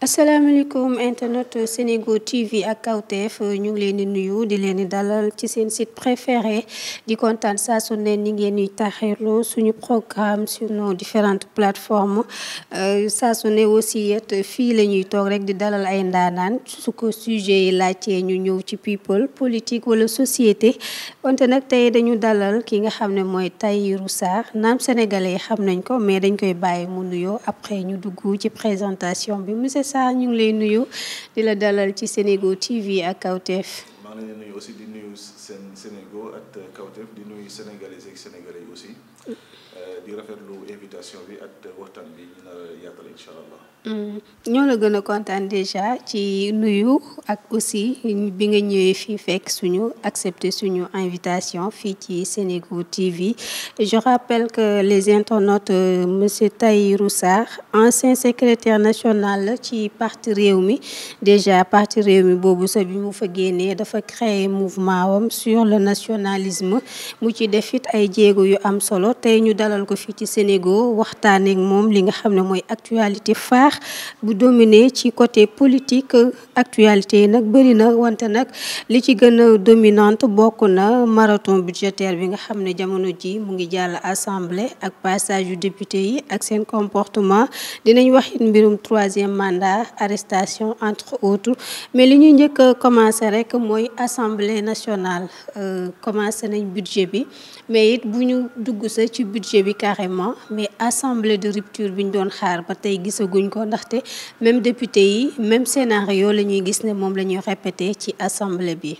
asalaamaaleykum internet Senego TV ak kawteef ñu ngi leen di nuyu di leen di dalal ci seen site préféré di kontaan saa su ne ñi ngeen di taxirlu suñu programme sur différente plateforme plateformes euh, saa su ne aussi it fii la ñuy toog rek di dalal ay ndaanaan su ko sujet yi laajtee ñu ñëw ci people politique wala société wante nag tey dañu dalal ki nga xam ne mooy Tahirou Sarr naam sénégalais xam nañ ko mais dañ koy bàyyi mu nuyoo après ñu dugg ci présentation bi saa ñu ngi lay nuyu di la dalal ci Senego TV ak Kawtef. maa ngi leen nuyu aussi di nuyu seen Senego ak Kawtef di nuyu sénégalais ak sénégalais yi aussi euh. Euh, di rafetlu invitation bi ak waxtaan bi ñu nar a yaatal incha allah. Mm. ñoo la gën kontaan déjà ci nuyu ak aussi bi nga ñëwee fii fekk suñu accepter suñu invitation fii ci Senego TV je rappelle que les internautes euh, monsieur Tahirou Sarr ancien secrétaire national la ci parti réew Rewmi déjà parti mi boobu sa bi mu fa génnee dafa créer mouvement wam sur le nationalisme mu ci def it ay jéego yu am solo tey ñu dalal ko fii ci Senego waxtaan ak moom li nga xam ne mooy actualité phare bu dominé ci côté politique actualité yi nag bëri na wante nag li ci gën a dominante bokk na marathon budgétaire bi nga xam ne jamono ji mu ngi jàll assemblée ak passage yu député yi ak seen comportement dinañ wax mbirum troisième mandat arrestation entre autres mais li ñuy njëkk a commencé rek mooy assemblée nationale euh, commencé nañ budget bi mais it bu ñu dugg sa ci budget bi carrément mais assemblée de rupture bi ñu doon xaar ba tey gisaguñ ko ndaxte même député yi même scénario la ñuy gis ne moom la ñuy répété ci assemblée bi.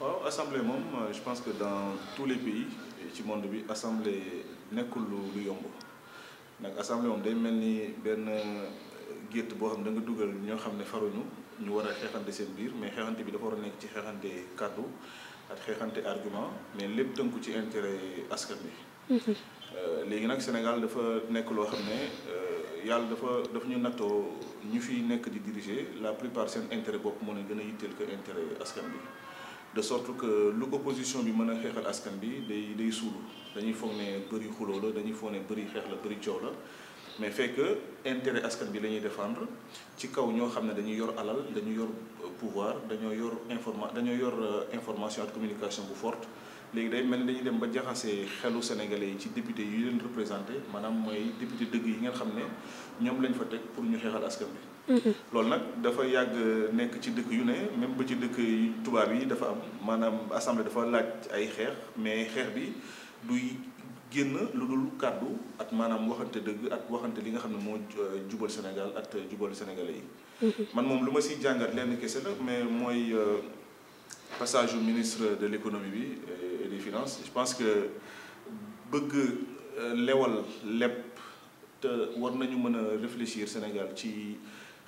waaw assemblée moom euh, je pense que dans tous les pays ci monde bi assemblée nekkul lu yomb nag assemblée moom day mel ni benn euh, gétt boo xam da nga dugal ñoo xam ne faruñu ñu war a xeexante seen biir mais xeexante bi dafa war a nekk ci xeexante kàddu ak xeexante argument mais lépp tënku ci intérêt askan bi. Mhm. Euh, léegi nag Sénégal dafa nekk loo xam ne. yàlla dafa dafa ñu nattoo ñu fi nekk di diriger la plupart seen intérêt bopp moo leen gën a yitteel que intérêt askan bi de sorte que lu opposition bi mën a xeexal askan bi day day suulu dañuy foog ne bëri xuloo la dañuy foog ne bëri xeex la bëri coow la mais fekk intérêt askan bi lañuy ñuy défendre ci kaw ñoo xam ne dañuy yor alal dañu yor pouvoir dañoo yor informa dañoo yor euh, information ak communication bu fort léegi day mel ni dañuy dem ba jaxasee xelu sénégalais yi ci député yi leen représenté maanaam mooy député dëgg yi ngeen xam ne ñoom lañ fa teg pour ñu xeexal askan bi mm-hmm. loolu nag dafa yàgg nekk ci dëkk yu ne même ba ci dëkk tubaab yi dafa am maanaam assemblée dafa laaj ay xeex mais xeex bi du génn lu dul kàddu ak maanaam waxante dëgg ak waxante li nga xam ne moo euh, jubal Sénégal ak jubal sénégalais yi mm-hmm. man moom lu ma si jàngat lenn kese la mais mooy euh, passage au ministre de l'économie bi euh, et des finances je pense que bëgg euh, lewal lépp te war nañu mën a réfléchir Sénégal ci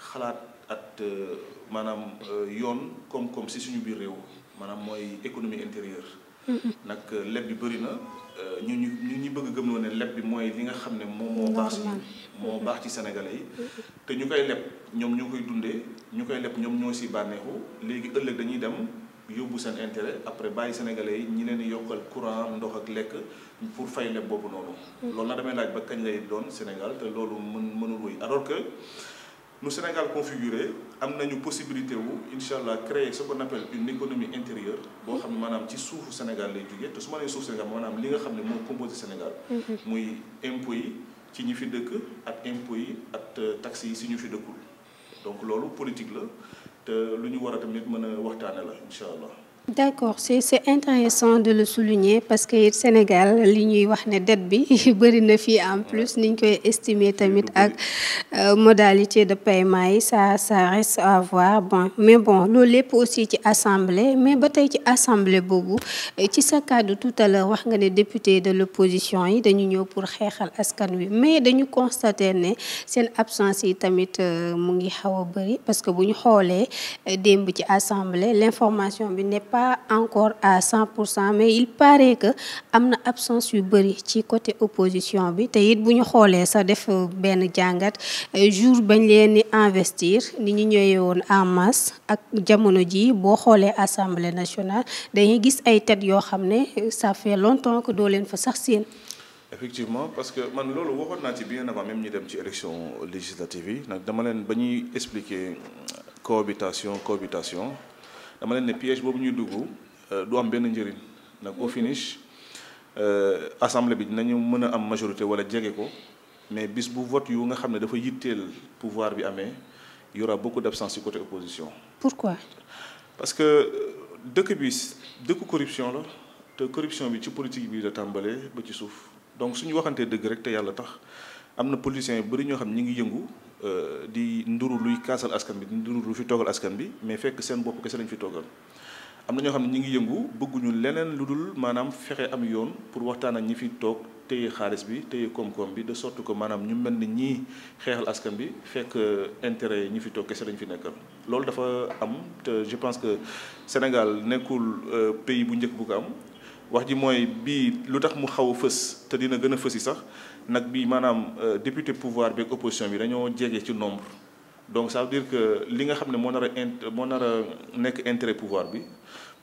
xalaat at euh, maanaam yoon koom-koom si suñu biir réew maanaam mooy économie intérieure mm-hmm. nag leb bi bëri na ñu ñu ñu ñu bëgg gëm ne leb bi mooy li nga xam ne moom moo baax moo baax ci sénégalais yi mm-hmm. te ñu koy leb ñoom ñoo koy dundee ñu koy leb ñoom ñoo si bànneexu léegi ëllëg dañuy dem yóbbu seen intérêt après bàyyi sénégalais yi ñi leen di yokkal courant ndox ak lekk pour fay leb boobu noonu. Mm. loolu na demee laaj ba kañ lay doon Sénégal te loolu mën mënul wuy alors que nu Sénégal configuré am nañu possibilité wu incha allah créer ce qu'on appelle une économie intérieure boo xam ne mm-hmm. maanaam ci suufu Sénégal lay jugee te su ma nee suuf Sénégal maanaam li nga xam ne moo composé Sénégal. Mm-hmm. muy impôts yi ci ñi fi dëkk ak impôts yi ak euh, taxes si ñu fi dëkkul donc loolu politique la. te lu ñu war a tamit mën a waxtaane la incha allah d'accord c'est c'est intéressant de le souligner parce que it Sénégal li ñuy wax ne dette bi bëri na fii en plus ñu koy estimer tamit ak euh, modalité de paiement yi sa sa reste à bon mais bon loolu lépp aussi ci assemblée mais ba tey ci assemblée boobu euh, ci sa kàddu tout à wax nga ne député de l'opposition yi dañu ñëw pour xeexal askan wi mais dañu constater ne seen absence yi tamit euh, mu ngi xaw a bëri parce que bu ñu xoolee démb ci assemblée l'information bi nepp pas encore à 100 pour cent mais il paraît que am na absence yu bëri ci côté opposition bi te it bu ñu xoolee sa def euh, benn jàngat euh, jour bañ leen di investir ni ñu ñëwee woon en masse ak jamono ji boo xoolee assemblée nationale dañuy gis ay tête yoo xam ne euh, ça fait longtemps que doo leen fa sax seen. effectivement parce que man loolu waxoon naa ci bien avant nag dama leen ba ñuy expliquer cohabitation cohabitation. dama leen ne piège boobu ñuy dugg euh, du am benn njëriñ nag au finish euh, assemblée bi dinañu mën a am majorité wala jege ko mais bis bu vote yu nga xam ne dafa yitteel pouvoir bi amee y aura beaucoup d'absence ci côté opposition. pourquoi. parce que euh, dëkk bi dëkk corruption la te corruption bi ci politique bi la tàmbalee ba ci suuf donc suñu waxantee dëgg rek te yàlla tax am na politiciens yu bëri ñoo xam ñi ngi yëngu. Euh, di nduru luy kaasal askan bi di nduru lu fi toogal askan bi mais fekk seen bopp kese lañ fi toogal am na ñoo xam ne ñu ngi yëngu bëgguñu leneen lu dul maanaam fexe am yoon pour waxtaan ak ñi fi toog téye xaalis bi téye koom-koom bi de sorte que maanaam ñu mel ni ñi xeexal askan bi fekk euh, intérêt yi ñi fi toog kese lañ fi nekkal. loolu dafa am je pense que Sénégal nekkul euh, pays bu njëkk bu ko am. wax ji mooy bii lu tax mu xaw a fës te dina gën a yi sax nag bii maanaam euh, député pouvoir beeg opposition bi dañoo jege ci nombre. donc ça veut dire que li nga xam ne moo nar int moo nar a nekk intérêt pouvoir bi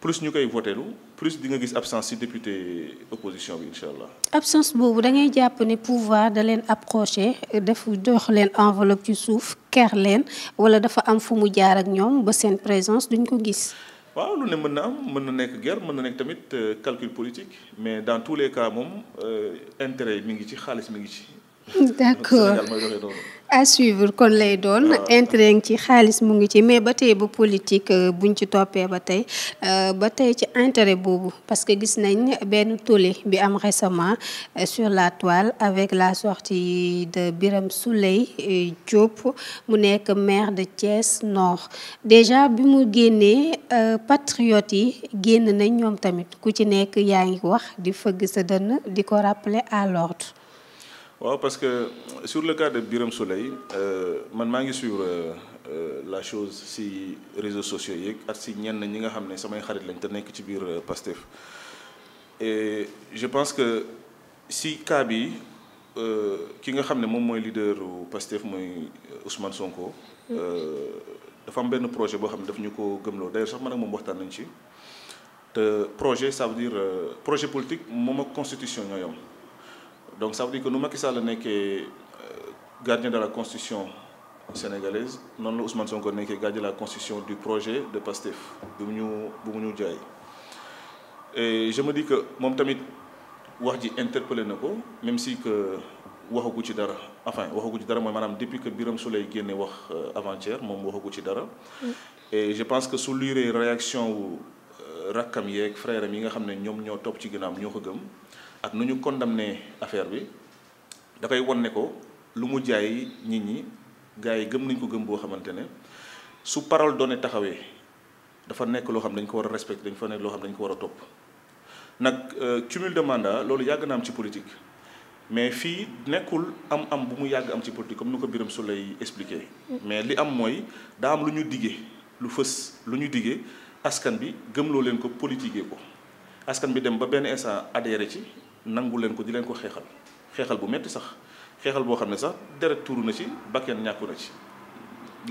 plus ñu koy votélu plus di nga gis absence ci député opposition bi incha allah. absence boobu da ngay jàpp ne pouvoir da leen approché defu jox leen enveloppe ci suuf ker leen wala dafa am fu mu jaar ak ñoom ba seen présence duñ ko gis. waaw lu ne mën na am mën na nekk guerre mën na nekk tamit euh, calcul politique mais dans tous les cas moom euh, intérêt mi ngi ci xaalis mi ngi ci. d'accord Sénégal mooy doxee à suivre kon lay doon ah. ngi ci xaalis mu ngi ci mais ba tey ba politique euh, buñ ci toppee ba tey euh, ba tey ci intérêt boobu parce que gis nañ benn tollé bi am récemment euh, sur la toile avec la sortie de biram Souleye Diop mu nekk maire de Thiès noox déjà bi mu génnee patriotes yi génn nañ ñoom tamit ku ci nekk yaa ngi wax di fëgg sa dënn di ko rappeler à l'ordre waaw parce que sur le cas de Birame Souleye euh, man maa ngi suivre euh, euh, la chose si réseau sociaux yeeg ak si ñenn ñi nga xam ne samay xarit lañ te nekk ci biir Pastef et je pense que si cas bi ki nga xam ne moom mooy leader Pastef mooy Ousmane Sonko. dafa am benn projet boo xam ne daf ñu ko gëmloo d'ailleurs sax man ak moom waxtaan nañ ci te projet ça veut dire projet politique moom ak constitution ñooy donc ça veut que nu Macky Sall nekkee euh, gardien de la constitution sénégalaise noonu la Ousmane Sonko nekkee gardien de la constitution du projet de PASTEF bu mu ñu bu mu ñu jaay et je me que moom tamit wax ji interpellé na ko même si que waxagu ci dara enfin waxagu ci dara mooy maanaam depuis que Birame Souleye génne wax euh, avant-hier moom waxagu ci dara. Mm. et je pense que su liiree réaction wu euh, rakkam yeeg frère yi nga xam ne ñoom ñoo topp ci ginnaam ñoo ko gëm. ak nu ñu condamné affaire bi da koy wan ne ko lu mu jaay nit ñi gars yi gëm nañ ko gëm boo xamante ne su parole donnée taxawee dafa nekk loo xam dañ ko war a respecté dañ fa nekk loo xam dañ ko war a topp nag euh, cumul de mandat loolu yàgg na am ci politique mais fii nekkul am am bu mu yàgg am ci politique comme ni ko Birame Souleye expliqué mais li am mooy daa am lu ñu diggee lu fës lu ñu diggee askan bi gëmloo leen ko politiquer ko askan bi dem ba benn instant adhéré nangu leen ko di leen ko xeexal xeexal bu metti sax xeexal boo xam ne sax deret tuuru na ci bakkeen ñàkku na ci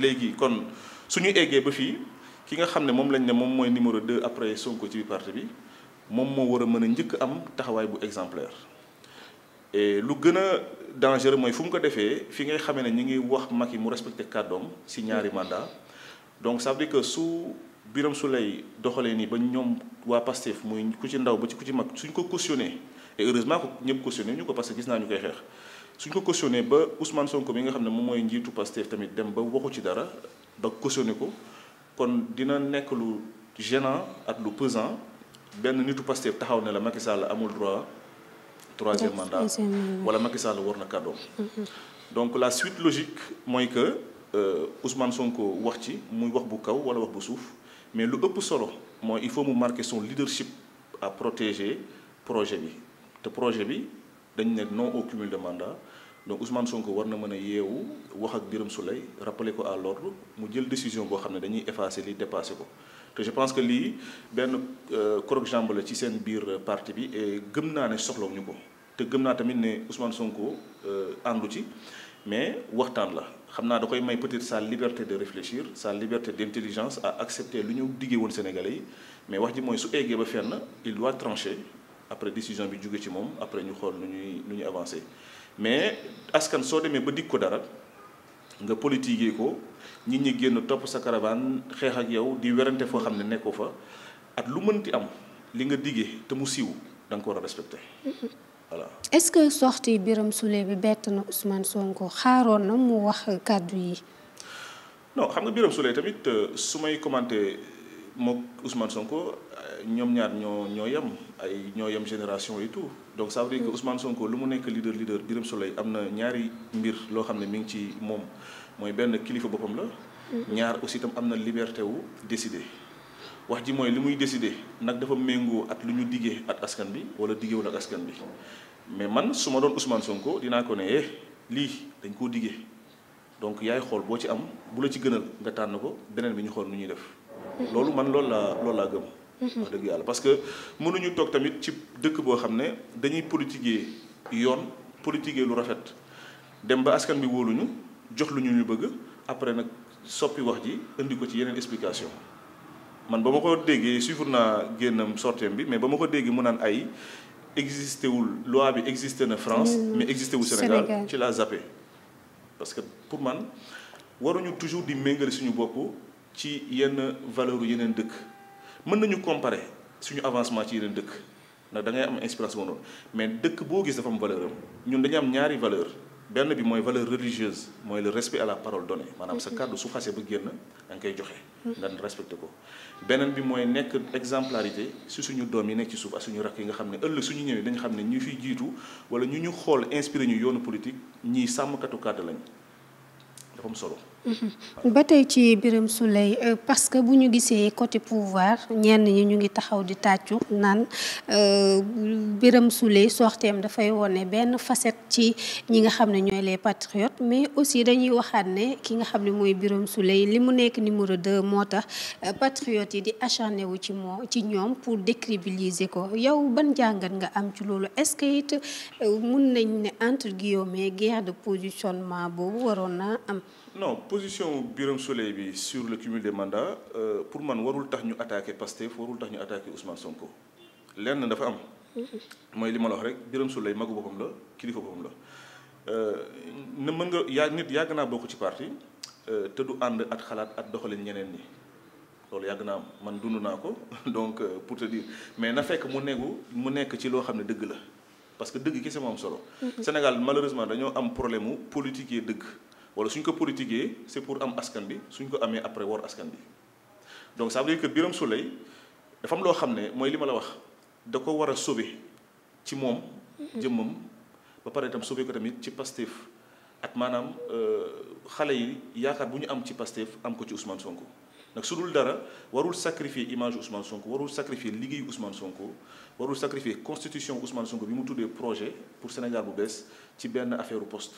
léegi kon suñu eggee ba fii ki nga xam ne moom lañ ne moom mooy numéro de après Sonko ci bi parti bi moom moo war a mën a njëkk am taxawaay bu exemplaire e lu gën a dangereux mooy fu mu ko defee fi ngay xamee ne ñu ngi wax Macky mu respecté kàddoom si ñaari mm. mandat donc ça bi dire que su biram su lay doxalee nii ba ñoom waa Pastef muy ku ci ndaw ba ci ku ci mag suñ ko cautionné et heureusement ko ñëpp cautionné ñu ko parce que gis naa ñu koy xeex suñ ko cautionné ba Ousmane Sonko mi nga xam ne moom mooy njiitu Pastef tamit dem ba waxu ci dara ba cautionné ko kon dina nekk lu gênant ak lu pesant benn nitu Pastef taxaw ne la Macky Sall amul droit troisième mandat wala Macky Sall war na kàddoom donc la suite logique mooy que euh, Ousmane Sonko wax ci muy wax bu kaw wala wax bu suuf mais lu ëpp solo mooy il faut mu marquer son leadership à protéger projet bi te projet bi dañu nekk non au cumul de mandat donc Ousmane Sonko war na mën a yeewu wax ak Birame Souleye rappeler ko à l'ordre mu jël décision boo xam ne dañuy effacer li dépasser ko te je pense que lii benn euh, croque-jambe la ci seen biir parti bi et gëm naa ne ñu ko te gëm naa tamit ne usman Sonko euh, àndu ci mais waxtaan la xam naa da koy may peut-être sa liberté de réfléchir sa liberté d'intelligence à accepter lu ñu diggee woon Sénégalais yi mais wax ji mooy su eggee ba fenn il doit après décision bi jóge ci moom après ñu xool nu ñuy nu ñuy avancé mais askan soo demee ba dig ko dara nga politiquer ko ñi ñi génn topp sa caravane xeex ak yow di werante foo xam ne nekkoo fa at lu mënti am li nga diggee te mu siiw da nga ko war a respecté. voilà est-ce que sortie Birame Souleye bi bett na Ousmane Sonko xaaroon na mu wax kàddu yi. non xam nga Birame Souleye tamit euh, su may commenté mook Ousmane Sonko euh, ñoom ñaar ñoo ñoo yem. ay ñoo yem génération et tou donc sa veut dire que mm. Ousmane Sonko lu mu nekk leader leader biram Souleye am na ñaari mbir loo xam ne mi ngi ci moom mooy benn kilifa boppam la. Mm. ñaar aussi itam am na liberté wu décidé wax ji mooy li muy décider nag dafa méngoo ak lu ñu diggee ak askan bi wala diggewul ak askan bi mais man su ma doon Ousmane Sonko dinaa ko ne eh, lii dañ koo diggee donc yaay xool boo ci am bu la ci gënal nga tànn ko beneen bi ñu xool nu ñuy def. Mm. loolu man loolu laa loolu laa gëm. wax dëgg yàlla parce que mënuñu toog tamit ci dëkk boo xam ne dañuy politiquer yoon politiquer lu rafet dem ba askan bi wóoluñu jox lu ñu ñu bëgg après nag soppi wax ji indi ko ci yeneen explication man ba ma ko déggee suivre naa génnam sorteem bi mais ba ma ko déggee mu naan ay existé wul loi bi existé na France mm. mais existé wul Sénégal ci la zappé parce que pour man waruñu toujours di méngale suñu bopp ci yenn valeur yeneen dëkk mën nañu comparer suñu avancement ci yeneen dëkk ndax da ngay am inspiration noonu mais dëkk boo gis dafa am valeur am ñun dañu am ñaari valeur benn bi mooy valeur religieuse mooy le respect à la parole donnée maanaam sa kàddu su xasee ba génn da koy joxe. Hmm. nga respecté ko beneen bi mooy nekk exemplarité si suñu doom yi nekk ci suuf ak suñu rakk yi nga xam ne ëllëg suñu ñëwee dañu xam ne ñu fiy jiitu wala ñu ñu xool inspiré ñu yoonu politique ñii sàmmkatu kàddu lañ dafa solo. Mhm. ba tey ci biram Souleye euh, parce que bu ñu gisee côté pouvoir ñenn ñi ñu ngi taxaw di tàccu naan euh, biram Souleye sorteem dafay wone benn facette ci ñi nga xam ne ñooy les patriotes mais aussi dañuy waxaat ne ki nga xam ne mooy Birame Souleye li mu nekk numéro 2 moo tax euh, patriotes yi di acharné wu ci moo ci ñoom pour décrédibiliser ko yow ban jàngat nga am ci loolu est-ce que it mun nañ ne entre guillemets guerre de positionnement boobu waroon naa am. non position Birame Souleye bi sur le cumul des mandats euh, pour man warul tax ñu attaqué Pastef warul tax ñu attaqué Ousmane Sonko lenn dafa am. mooy li ma la rek Birame Souleye magu boppam la kilifa boppam la. Euh, na mën nga yaa nit yàgg naa bokk ci parti euh, te du ànd ak xalaat ak doxalin ñeneen ñi loolu yàgg naa am man dund naa ko donc pour te dire mais na fekk mu negu mu nekk ci loo xam ne dëgg la parce que dëgg kese moo am solo. Mm-hmm. Sénégal malheureusement dañoo am problème mu politique dëgg. wala suñ ko politiquer c'est pour am askan bi suñ ko amee après wor askan bi donc ça veut dire que Birame Souleye dafa am loo xam ne mooy li ma la wax da ko war a sauver ci moom. jëmmam ba pare itam sauver ko tamit ci Pastef ak maanaam euh, xale yi yaakaar bu ñu am ci Pastef am ko ci Ousmane Sonko. nag su dul dara warul sacrifier image Ousmane Sonko warul sacrifier liggéeyu Ousmane Sonko warul sacrifier constitution Ousmane Sonko bi mu tuddee projet pour Sénégal bu bees ci benn affaire poste.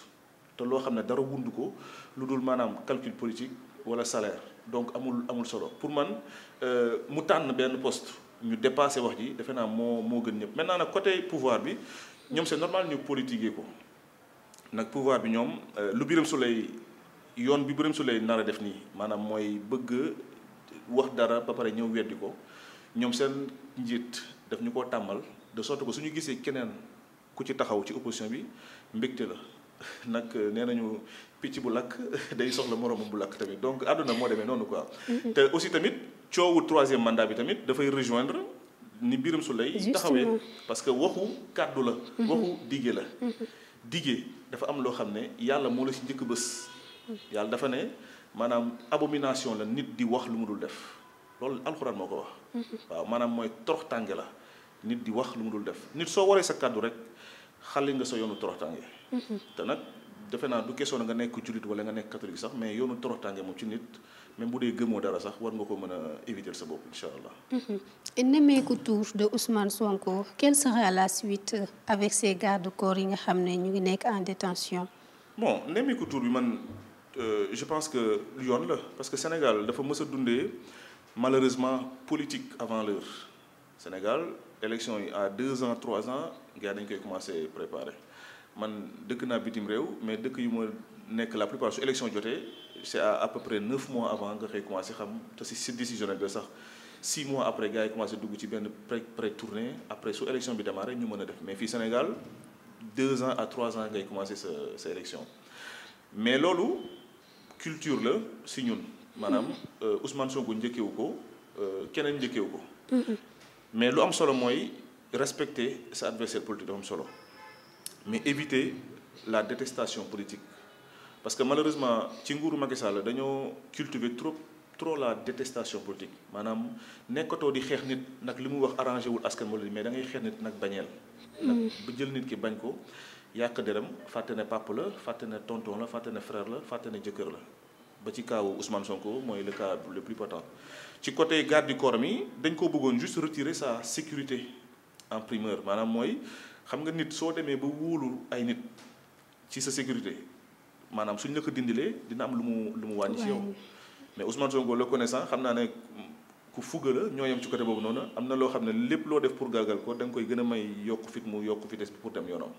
te loo xam ne dara wund ko lu dul maanaam calcul politique wala salaire donc amul amul solo pour man euh, mu tànn benn post ñu dépassé wax ji defe naa moo moo gën ñëpp maintenant nag côté pouvoir bi ñoom c'est normal ñu politiquer ko nag pouvoir bi ñoom euh, lu Birame Souleye yoon bi Birame Souleye nar a def nii maanaam mooy bëgg wax dara ba pare ñëw weddi ko ñoom seen njiit daf ñu ko tàmbal de sorte ko su ñu gisee keneen ku ci taxaw ci opposition bi mbégte la nag euh, nee nañu picc bu lakk day soxla moroomam bu lakk tamit donc àdduna moo demee noonu quoi. te aussi tamit coowu troisième mandat bi tamit dafay rejoindre ni biiram Birame Souleye taxawee parce que waxu kàddu la. Mm-hmm. waxu dige la. Mm-hmm. dige dafa am loo xam ne yàlla moo la si njëkk bés. Mm-hmm. yàlla dafa ne maanaam abomination la nit di wax lu mu dul def loolu alxuraan moo ko wax. waaw maanaam mooy torox tànge la nit di wax lu mu dul def nit soo waree sa kàddu rek. xale nga sa yoonu toroxtaange mhm. te nag defe naa du question nga nekk jullit wala nga nekk catholique sax mais yoonu toroxtaange moom ci nit même bu dee gëmoo dara sax war nga ko mën a éviter sa bopp incha allah. Mhm. nemmeeku tour de Ousmane Sonko quelle sera la suite euh, avec ces gardes corps yi nga xam ne ñu ngi nekk en détention bon nemmeeku tour bi man euh, je pense que yoon la parce que Sénégal dafa mës a dundee malheureusement politique avant l'heure Sénégal. élection yi à deux ans trois ans gars dañ koy commencé préparer man dëkk naa bitim réew mais dëkk yu ma nekk la plupart su élection jotee c' est à à peu près neuf mois avant nga koy commencé xam te si si décisionnel bi sax six mois après gars yi commencé dugg ci benn pré pré tournée après su élection bi démarré ñu mën a def mais fii Sénégal deux ans à trois ans ngay commencé sa sa élection mais loolu culture la si ñun. maanaam euh, Ousmane Sonko njëkkewu ko euh, keneen njëkkewu ko. mais lu am solo mooy respecter sa adversaire politique dafa am solo mais éviter la détestation politique parce que malheureusement ci nguuru Macky Sall dañoo cultiver trop trop la détestation politique maanaam nekkatoo di xeex nit nag li mu wax arrangé wul askan wala mais da ngay xeex nit nag bañeel. nag mm. bu jël nit ki bañ ko yàq deram fàtte ne papa la fàtte ne tonton la fàtte ne frère la fàtte ne jëkkër la ba ci kaawu Ousmane Sonko mooy le cas le plus ci côté garde du corps mi dañ ko bëggoon juste retirer sa sécurité en primeur maanaam mooy xam nga nit soo demee ba wóolu ay nit ci sa sécurité maanaam suñ la ko dindilee dina am lu mu lu mu wàññi ci yow mais Ousmane Sonko le connaissant xam naa ne ku fugga la ñoo yem ci côté boobu noonu am na loo xam ne lépp loo def pour gàggal ko danga nga koy gën a may yokk fit mu yokk vitesse bi pour dem yoonam.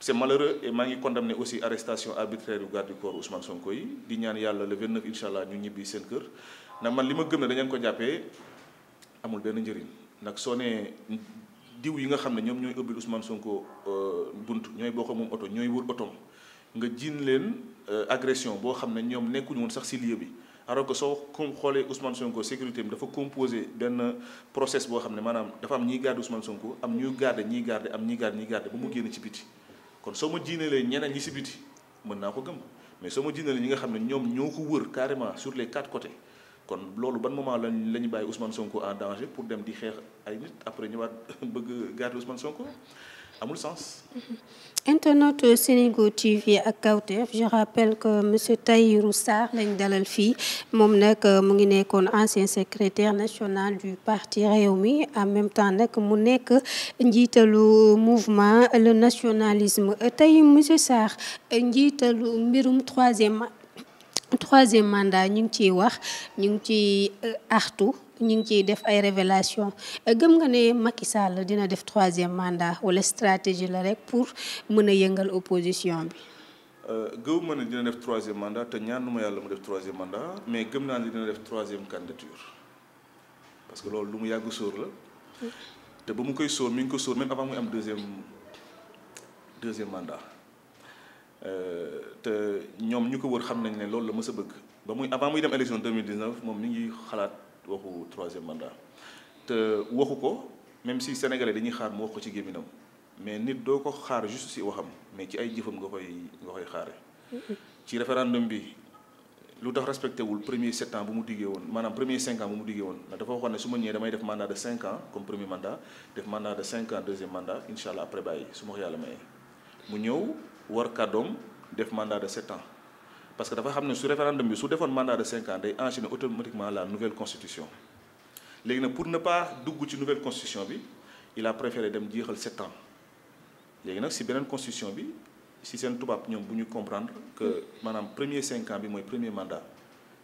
c' est malheureux maa ngi condamné aussi arrestation arbitraire yu garde du corps Ousmane Sonko di ñaan yàlla le 29 incha allah ñu ñibbi seen kër. ndax man li ma gën ne da ngeen ko jàppee amul benn njëriñ ndax soo nee diw yi nga xam ne ñoom ñooy ubbil Ousmane Sonko euh, bunt ñooy bokk moom oto ñooy wër otom nga jiin leen euh, agression boo xam ne ñoom nekkuñu woon sax ci bi alors que soo comme xoolee Ousmane Sonko sécurité bi dafa composé benn process boo xam ne maanaam dafa am ñiy garder Sonko am ñuy garder ñiy garder am ñiy garder ñiy garder ba mu génn ci biti kon soo ma jiinalee ñeneen ñi ci biti mën naa ko gëm mais soo ma jiinalee ñi nga xam ne ñoom ñoo ko wër carrément sur les quatre côtés kon loolu ban moment lañ la bàyyi Ousmane Sonko en danger pour dem di xeex ay nit après ñëwaat bëgg garder Ousmane Sonko amul sens. internet Sénégo TV ak Kawtef je rappelle que monsieur Tahirou Sarr lañ dalal fii moom nag euh, mu ngi nekkoon ancien secrétaire national du parti mi en même temps nag mu nekk njiitalu mouvement le nationalisme euh, tey monsieur Sarr euh, njiitalu mbirum troisième. troisième mandat ñu ngi ciy wax ñu ngi ciy euh, artu ñu ngi ciy def ay révélation gëm nga ne Macky Sall dina def troisième mandat wala stratégie la rek pour mën a yëngal opposition bi. Euh, gëw ma ne dina def troisième mandat te ñaan ma yàlla mu def troisième mandat mais gëm naa ne dina def troisième candidature parce que loolu lu mu yàgg sóor la. Mm. te ba mu koy sóor mi ngi ko sóor même avant muy am deuxième deuxième mandat. Euh, te ñoom ñu ko wër xam nañ ne loolu la mës a bëgg ba muy avant muy dem élection 2019 moom mi ngi xalaat waxu troisième mandat te waxu ko même si sénégalais dañuy xaar mu wax ko ci gémminam mais nit doo ko xaar juste si waxam mais ci ay jëfam nga koy nga koy xaare ci référendum bi lu tax respecté wul premier sept ans bu mu diggee woon maanaam premier cinq ans bu mu diggee woon ndax dafa waxoon ne su ma ñëwee damay def mandat de cinq ans comme premier mandat def mandat de cinq ans deuxième mandat incha allah après bàyyi su ma mu ñëw war kàddoom def mandat de sept ans parce que dafa xam ne su référendum bi su defoon mandat de cinq ans day enchaîner automatiquement la nouvelle constitution léegi nag pour ne pas dugg ci nouvelle constitution bi il a préféré dem jeexal sept ans léegi nag si beneen constitution bi si seen tubaab ñoom bu ñu comprendre que maanaam premier cinq ans bi mooy premier mandat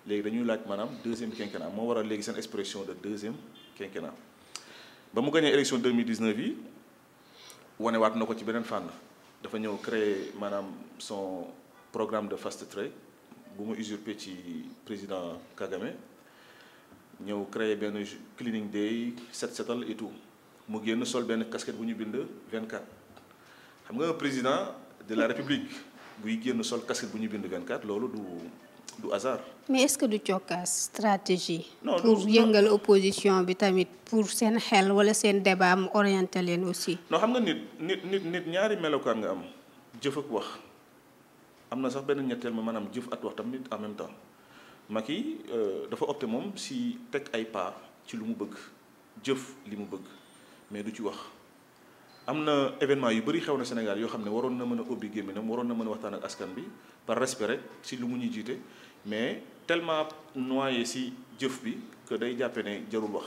léegi dañuy laaj maanaam deuxième quinquennat moo waral léegi seen expression de deuxième quinquennat ba mu gagné élection 2019 yi wanewaat na ko ci beneen fànn. dafa ñëw créer maanaam son programme de fast track bu mu usurpé ci président Kagame ñëw créer benn cleaning day set setal et tout mu génn sol benn casquette bu ñu bind 24. xam nga président de la république buy génn sol casquette bu ñu bind 24 loolu du. du hasard. mais est-ce que du cokkaas stratégie. pour yëngal opposition bi tamit pour seen xel wala seen débat mu orienté leen aussi. xam nga nit nit nit ñaari melokaan nga am jëf ak wax am na sax benn ñetteel ma maanaam jëf at wax tamit en même temps Macky euh, dafa opté moom si teg ay pas ci lu mu bëgg jëf li mu bëgg mais du ci wax. am na événement yu bëri xew na Sénégal yoo xam ne waroon na mën a ubbi gémminam waroon na mën a waxtaan ak askan bi par respect rek si lu mu ñuy jiite mais tellement noyé si jëf bi que day jàppe ne jarul wax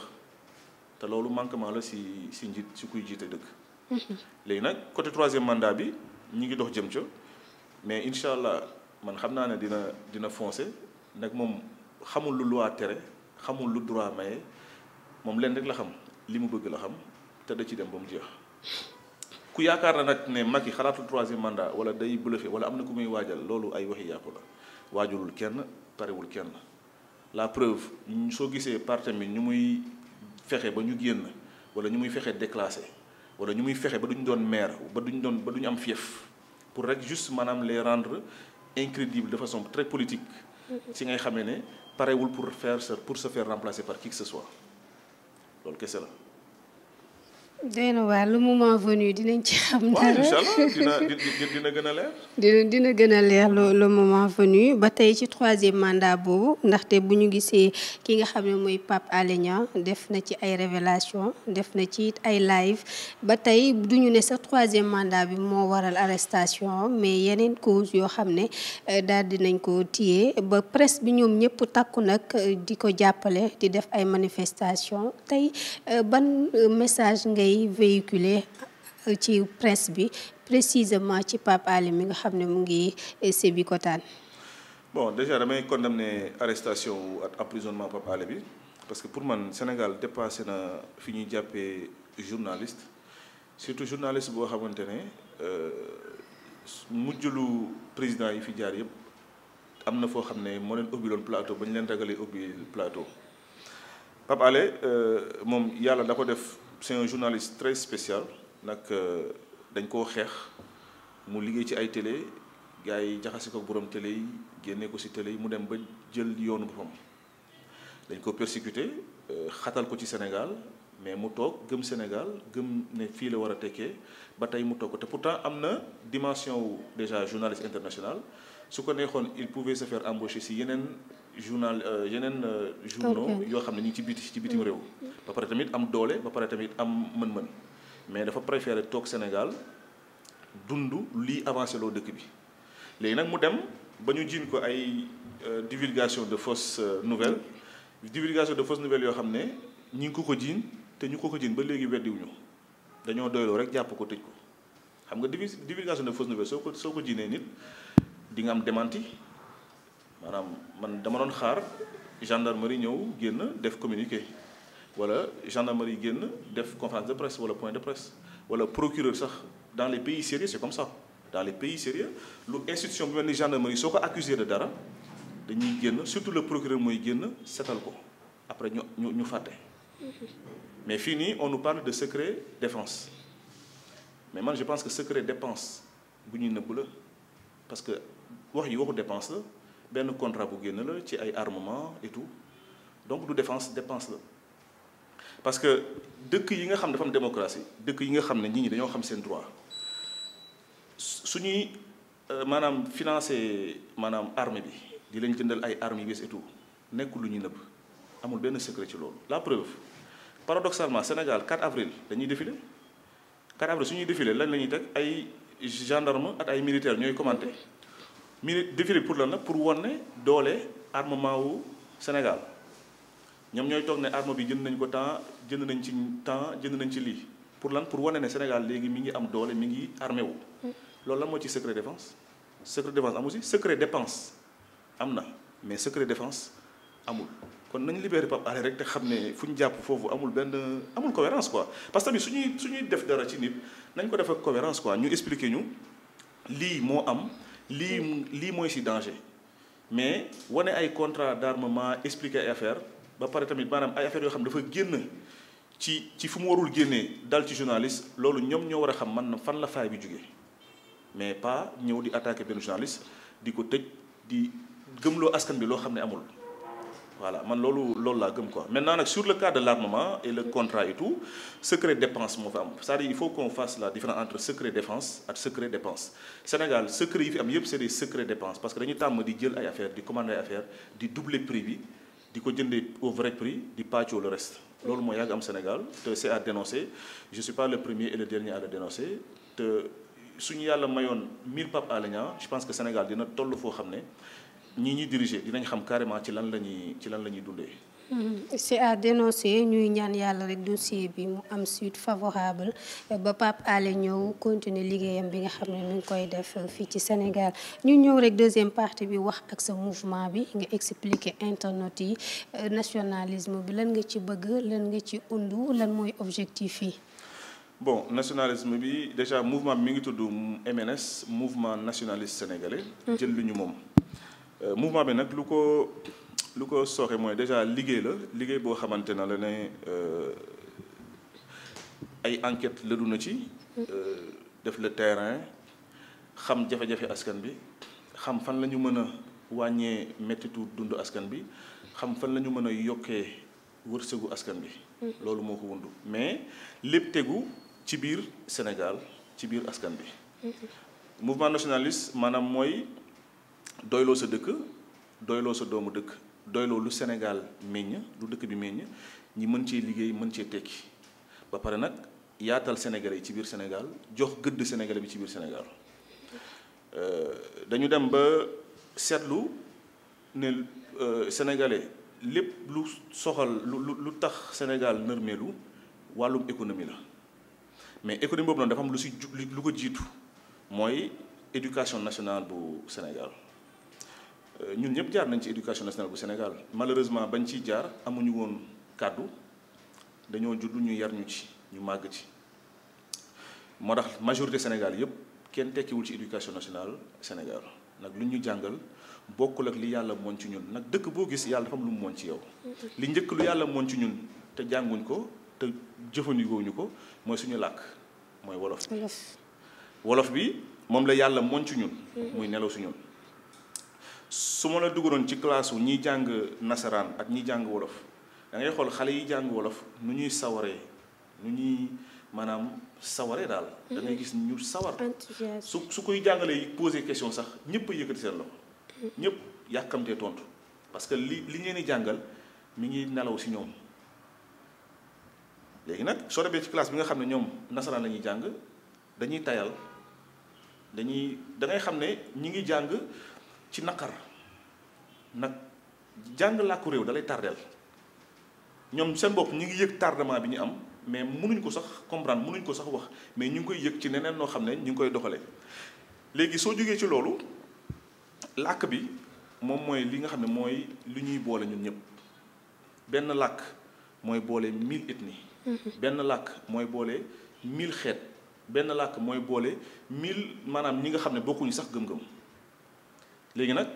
te loolu manquement la si si njiit si kuy jiite dëkk. léegi nag côté troisième mandat bi ñu ngi dox jëm co mais incha allah man xam naa ne dina dina foncé nag moom xamul lu loi tere xamul lu droit maye moom leen rek la xam li mu bëgg la xam te da ci dem ba mu jeex. ku yaakaar na nag ne mag yi xalaatul troisième mandat wala day bluffé wala am na ku muy waajal loolu ay waxi yàqu la waajalul kenn parewul kenn la preuve soo gisee parti mi ñu muy fexe ba ñu génn wala ñu muy fexe déclassé wala ñu muy fexe ba duñ doon maire ba duñ doon ba duñ am fief pour rek juste maanaam les rendre incrédibles de façon très politique mm-hmm. si ngay xamee ne parewul pour faire pour se faire remplacer par qui que ce soit loolu kese la déen waa le moment venu dinañ ci xam dara dina dina gën a leer. dina dina leer le moment venu ba tey ci troisième mandat boobu ndaxte bu ñu gisee ki nga xam ne muy Pape Alé def na ci ay révélation def na ci it ay live ba tey duñu ne sa troisième mandat bi moo waral arrestation mais yeneen cause yoo xam ne euh, daal dinañ ko téye ba presse bi ñoom ñëpp takku nag euh, di ko jàppale di def ay manifestation tey euh, ban message ngay. lay véhiculer euh, ci presse bi précisément ci Pape Alé mi nga xam ne mu ngi euh, Sébikotane bon déjà damay condamner arrestation wu ak emprisonnement Pape bi parce que pour man Sénégal dépassé na fi ñuy jàppee journaliste surtout journaliste boo xamante ne euh, mujjulu président yi fi jaar yëpp am na foo xam ne moo leen ubbiloon plateau ba ñu leen ragalee ubbi plateau Pape moom yàlla da ko def c'est un journaliste très spécial nag euh, dañ koo xeex mu liggéey ci ay télé gars yi jaxase ko borom télé yi génnee ko ci télé yi mu dem ba jël yoonu boppam dañ ko persécuté euh, xatal ko ci Sénégal mais mu toog gëm Sénégal gëm ne fii la war a tekkee ba tey mu toog ko te pourtant am na dimension wu déjà journaliste international su ko neexoon il pouvait se faire embaucher si yeneen journal euh, yeneen euh, journaux yoo xam ne ñi ngi ci biti ci bitim mm. réew ba pare tamit am doole ba pare tamit am mën-mën mais dafa préféré toog Sénégal dund lii avancé loo dëkk bi léegi nag mu dem ba ñu jiin ko ay euh, divulgation de fausses nouvelle divulgation de fausses nouvelles yoo xam ne ñi ngi ko ko jiin te ñu ko ko jiin ba léegi weddiwuñu dañoo doyloo rek jàpp ko tëj ko xam nga divulgation de fausses nouvelles soo ko soo ko jiinee nit di nga am démenti maanaam man dama doon xaar gendarmerie ñëw génn def communiqué wala gendarmerie génn def conférence de presse wala point de presse wala procureur sax dans les pays sérieux c'est comme ça dans les pays sérieux lu institution bi mel ni gendarmerie soo ko accusé de dara dañuy génn surtout le procureur mooy génn setal ko après ñu ñu ñu fàtte mais fii nii on nous parle de secret défense mais man je pense que secret dépense bu ñuy nëbb wax yi waxu dépense la benn contrat bu génn la ci ay armement et tout donc du défense dépense la parce que dëkk yi nga xam ne dafa am démocratie dëkk yi nga xam ne nit ñi dañoo xam seen droit ñuy euh, maanaam financer maanaam armée bi di lañ jëndal ay arme yu bees et nekk lu ñuy nëbb amul benn secret ci loolu la preuve paradoxalement Sénégal 4 avril dañuy défilé 4 avril suñuy défilé lan la ñuy teg ay gendarme ak ay militaires ñooy commenté mini défilé pour lan la pour wan ne doole armement wu Sénégal ñoom ñooy toog ne arme bi jënd nañ ko temps jënd nañ ci temps jënd nañ ci lii pour lan pour wane ne Sénégal léegi mi ngi am doole mi ngi armé wu. Mm. loolu lan moo ci secret défense secret défense amu si secret dépense am na mais secret défense amul. kon nañ libéré Pape Alé rek te xam ne fu ñu jàpp foofu amul benn amul cohérence quoi parce que tamit su ñuy su ñuy def dara ci nit nañ ko def ak cohérence ñu expliquer ñu lii moo am. lii lii mooy si danger mais wane ay contrat d'armement expliqué ay affaire ba pare tamit maanaam ay affaire yoo xam ne dafa génn ci ci fu mu warul génnee dal ci journaliste loolu ñoom ñoo war a xam man na fan la faay bi jóge mais pas ñëw di attaquer benn journaliste di ko tëj di gëmloo askan bi loo xam ne amul voilà man loolu loolu laa gëm quoi maintenant nag sur le cas de l'armement et le contrat et tout secret dépense moo fi am c'est-à-dire il faut qu'on fasse la différence entre secret défense ak secret dépense Sénégal secret yi fi am yépp c'est des secret dépense parce que dañu tàmm di jël ay affaire di commander ay affaire di doubler prix bi di ko jëndee au vrai prix di pàccoo le reste loolu moo yàgg am Sénégal te c'est à dénoncer je suis pas le premier et le dernier à suñu yàlla mayoon 1000 Pape je pense que Sénégal dina toll foo xam ne ñi ñuy diriger dinañ xam carrément ci lan la ñuy ci lan la ñuy dundee. Mm-hmm. c'est à dénoncer ñuy ñaan yàlla rek dossier bi mu am suite favorable ba Pape ñëw continuer liggéeyam bi nga xam ne mi koy def fii ci Sénégal ñu ñëw rek deuxième partie bi wax ak sa mouvement bi nga expliquer internet yi euh, nationalisme bi lan nga ci bëgg lan nga ci undu lan mooy objectif yi. bon nationalisme bi déjà mouvement bi mi ngi tudd MNS mouvement nationaliste sénégalais. Mm-hmm. jël lu ñu moom. Euh, mouvement bi nag lu ko lu ko sooxe mooy déjà liggéey la liggéey boo xamante na la ne euh, ay enquête lëdu na ci mm. euh, def le terrain xam jafe-jafe askan bi xam fan la ñu mën a wàññee méttitu dund askan bi xam fan la ñu mën a yokkee wërsëgu askan bi mm. loolu moo ko mais lépp tegu ci biir Sénégal ci biir askan bi mm-hmm. mouvement nationaliste maanaam mooy doyloo sa dëkk doyloo sa doomu dëkk doyloo lu Sénégal meññ lu dëkk bi meññ ñi mën cee liggéey mën cee tekki ba pare nag yaatal Sénégalais ci biir Sénégal jox gëdd Sénégalais bi ci biir Sénégal euh, dañu dem ba seetlu ne euh, Sénégalais lépp lu soxal lu lu tax Sénégal nërmeelu wàllum économie la mais économie boobu noonu dafa lu si lu ko jiitu mooy éducation nationale bu Sénégal ñun ñëpp jaar nañ ci éducation nationale bu Sénégal malheureusement bañ ciy jaar amuñu woon kàddu dañoo judd ñu yar ñu ci ñu màgg ci moo tax majorité Sénégal yëpp kenn tekkiwul ci éducation nationale Sénégal nag lu ñu jàngal bokkul ak li yàlla mooñ ci ñun nag dëkk boo gis yàlla dafa am lu mu moon ci yow. li njëkk lu yàlla moon ci ñun te jànguñ ko te jëfandikoo ñu ko mooy suñu làkk mooy wolof. wolof bi moom la yàlla mooñ ci ñun. muy nelaw si ñun. su ma la dugaloon ci classe wu ñiy jàng nasaraan ak ñi jàng wolof da ngay xool xale yi jàng wolof nu ñuy sawaree nu ñuy maanaam sawaree daal. da ngay gis ñu sawar. su su koy jàngalee poser question sax ñëpp a seen loxo. ñëpp yàkkamtee tontu parce que li li ngeen di jàngal mi ngi nelaw si ñoom. léegi nag soo demee ci classe bi nga xam ne ñoom nasaraan la ñuy jàng dañuy tayal dañuy dangay xam ne ñi ngi jàng. ci naqar nag jàng làkku réew dalay tardeel ñoom seen bopp ñu ngi yëg tardement bi ñu am mais mënuñ ko sax comprendre mënuñ ko sax wax mais ñu ngi koy yëg ci neneen noo xam ne ñu ngi koy doxale léegi soo jógee ci loolu làkk bi moom mooy li nga xam ne mooy lu ñuy boole ñun ñëpp benn làkk mooy boole mille ethnie mm-hmm. benn làkk mooy boole mille xeet benn làkk mooy boole mille maanaam ñi nga xam ne bokkuñu sax gëm-gëm léegi nag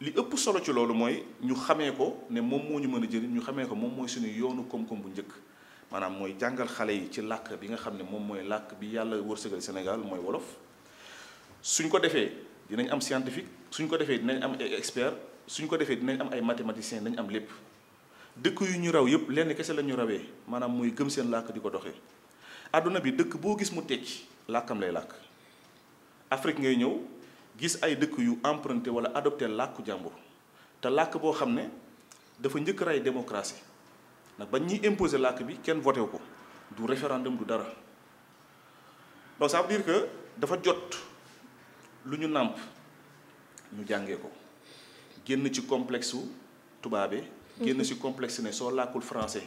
li ëpp solo ci loolu mooy ñu xamee ko ne moom moo ñu mën a jëli ñu xamee ko moom mooy suñu yoonu koom-koom bu njëkk maanaam mooy jàngal xale yi ci làkk bi nga xam ne moom mooy làkk bi yàlla wërsëgal Sénégal mooy wolof suñ ko defee dinañ am scientifique suñ ko defee dinañ am ay expert suñ ko defee dinañ am ay mathématicien dañ am lépp dëkk yu ñu raw yépp lenn kese la ñu rawee maanaam mooy gëm seen làkk di ko doxee àdduna bi dëkk boo gis mu tekki làkkam lay làkk Afrique ngay ñëw gis ay dëkk yu emprunté wala adopté làkku jàmbur te làkk boo xam ne dafa njëkk ray démocratie ndax bañ ñuy imposer làkk bi kenn voté ko du référendum du dara donc ça veut que dafa jot lu ñu nàmp ñu jàngee ko génn ci complexe su tubaabe génn ci complexe ne soo làkkul français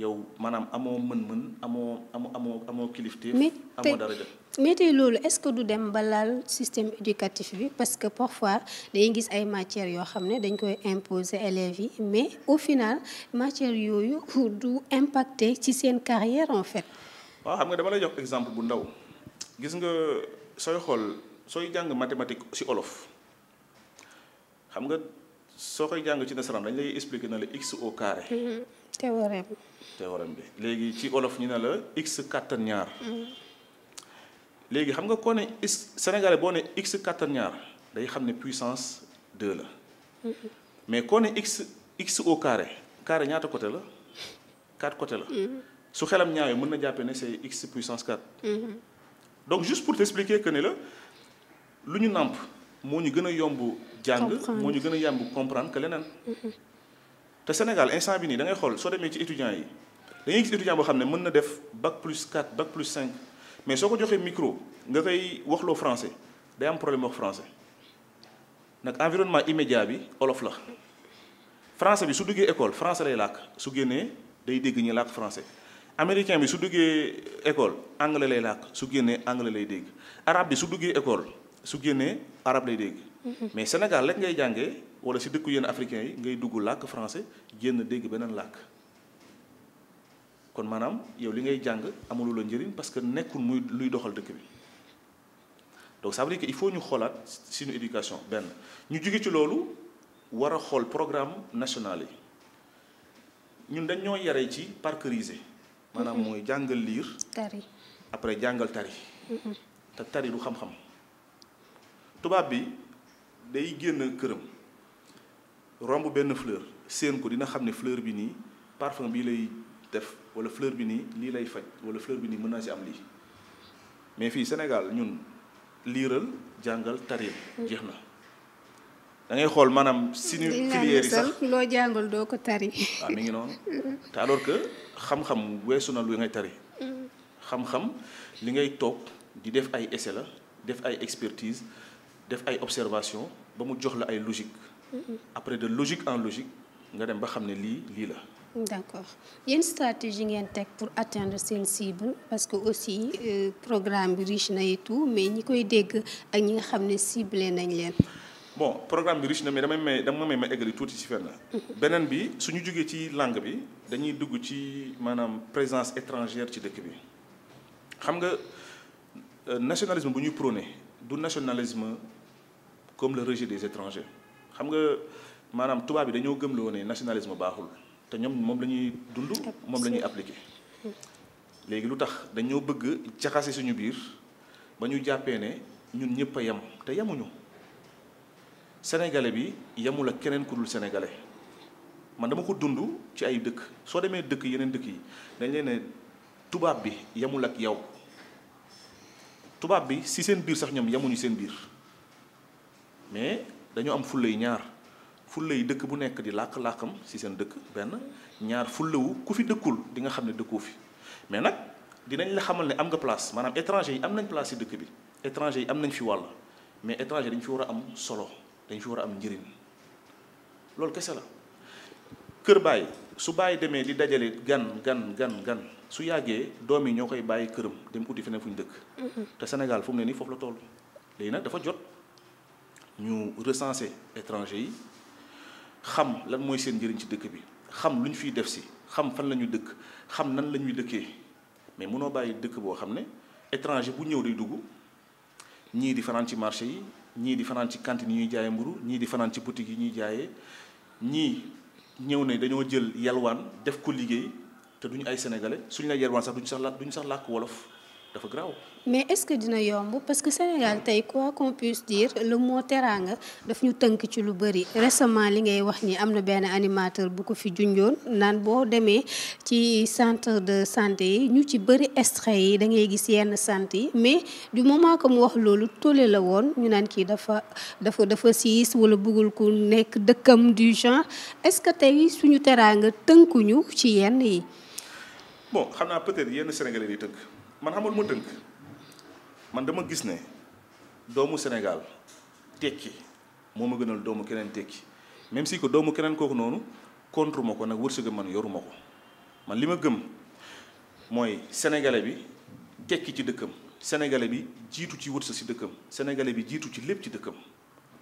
yow maanaam amoo mën-mën amoo amoo amoo kilifteef. amoo daraja mais loolu est-ce que du dem ba laal système éducatif bi parce que parfois day gis ay matières yoo xam ne dañ koy imposer élèves yi mais au final matières yooyu du impacter ci seen carrière en fait. waaw xam nga dama lay jox exemple bu ndaw gis nga sooy xool sooy jàng mathématique ci olof xam nga. soo koy jàng ci nasaraan dañ lay expliquer na la x au carré. Mm-hmm. théorème. théorème bi léegi ci olof ñu ne la x kattan ñaar. Mm-hmm. léegi xam nga koo ne x Sénégalais boo ne x kattan ñaar day xam ne puissance 2 la. Mm-hmm. mais koo ne x x au carré carré ñaata côté la 4 côté la. su xelam ñaawee mën na jàppee ne c'est x puissance 4. donc juste pour t'expliquer que ne la lu ñu nàmp moo ñu gën a yomb. jàng moo ñu gën a yàmb comprendre que leneen te Sénégal instant bi nii da ngay xool soo demee ci étudiants yi dañuy gis étudiant boo xam ne mën na def bac plus 4 bac plus cinq mais soo ko joxee micro nga koy waxloo français day am problème wax français nag environnement immédiat bi olof la français bi su duggee école français lay làkk su génnee day dégg ñi làkk français américain bi su duggee école anglais lay làkk su génnee anglais lay dégg arab bi su duggee école su génnee arabe lay dégg mais Sénégal rek ngay jàngee wala si dëkku yenn africains yi ngay dugg làkk français génn dégg beneen làkk. kon maanaam yow li ngay jàng amuloo la njëriñ parce que nekkul muy luy doxal dëkk bi donc ça veut dire que il faut ñu xoolaat suñu éducation benn ñu juge ci loolu war a xool programme nationale yi ñun dañ ñoo yaree ci parcourisé maanaam mhm. mooy jàngal liir tari après jàngal tari mhm. te tari du xam-xam tubaab bi day génn këram romb benn fleur séen ko dina xam ne fleur bi nii parfum bii lay def wala fleur bi nii lii lay faj wala fleur bi nii mën naa si am lii mais fii Sénégal ñun liiral jàngal taril jeex na dangay xool maanaam suñu filière yi sax loo jàngal doo ko tari. waaw mi ngi noonu te alors que xam-xam weesu na lu ngay tari. xam-xam li ngay toog di def ay essais def ay expertise def ay observation ba mu jox la ay logique mm-hmm. après de logique en logique nga dem ba xam ne lii lii la d'accord yéen stratégie ngeen teg pour atteindre seen cible parce que aussi euh, programme bi riche na et tout mais ñi koy dégg ak ñi nga xam ne cible nañ leen bon programme bi riche na mais damay may dama may ma eggali tuuti ci fenn mm-hmm. beneen bi suñu jógee ci langue bi dañuy dugg ci maanaam présence étrangère ci dëkk bi xam nga euh, nationalisme bu ñu prôné du nationalisme comme le rejet des étrangers xam nga maanaam tubaab bi dañoo gëmloo ne nationalisme baaxul te ñoom moom la ñuy dund moom la ñuy appliqué léegi lu tax dañoo bëgg jaxase suñu biir ba ñu jàppee ne ñun ñëpp a yem te yemuñu sénégalais bi yemul ak keneen ku dul sénégalais man dama ko dund ci ay dëkk soo demee dëkk yeneen dëkk yi dañ leen ne tubaab bi yemul ak yow tubaab bi si seen biir sax ñoom yamuñu seen biir mais dañoo am fulla yi ñaar fulla yi dëkk bu nekk di làkk làkkam si seen dëkk benn ñaar fulla ku fi dëkkul di nga xam ne dëkku fi mais nag dinañ la xamal ne am nga place maanaam étranger yi am nañ place si dëkk bi étranger yi am nañ fi wàll mais étranger dañ fi war a am solo dañ fi war a am njëriñ loolu kese la kër bàyyi su bàyyi demee di dajale gan gan gan gan su yàggee doom yi ñoo koy bàyyi këram dem uti feneen fu ñu dëkk mm-hmm. te Sénégal fu mu ne foofu la toll nag dafa jot ñu recenser étranger yi xam lan mooy seen njëriñ ci dëkk bi xam lu ñu fiy def si xam fan la dëkk xam nan la ñuy dëkkee mais mënoo bàyyi dëkk boo xam ne étranger bu ñëw day dugg ñii di fanaan ci marché yi ñii di fanaan ci cantine yi ñuy jaaye mburu ñii di fanaan ci boutique yi ñuy jaayee ñii ñëw ne dañoo jël yalwaan def ko liggéey te duñu ay sénégalais suñu la yalwaan sax duñu sax la duñu sax làkk wolof dafa graw mais est-ce que dina yomb parce que Sénégal tey quoi qu'on puisse dire le mot teraanga daf ñu tënk ci lu bëri récemment li ngay wax ni am na benn animateur bu ko fi junjoon naan boo demee ci centre de santé yi ñu ci bëri extrait yi da ngay gis yenn santé yi mais du moment que mu wax loolu tole la woon ñu naan kii dafa dafa dafa siis wala bëggul ku nekk dëkkam du genre est-ce que tey suñu teraanga tënkuñu ci yenn yi man xamal ma tënk man dama gis ne doomu Sénégal tekki moo ma gënal doomu keneen tekki même si que doomu keneen kooku noonu contre ma ko nag wërsëg man yoruma ko man li ma gëm mooy sénégalais bi tekki ci dëkkam sénégalais bi jiitu ci wërsëg si dëkkam sénégalais bi jiitu ci lépp ci dëkkam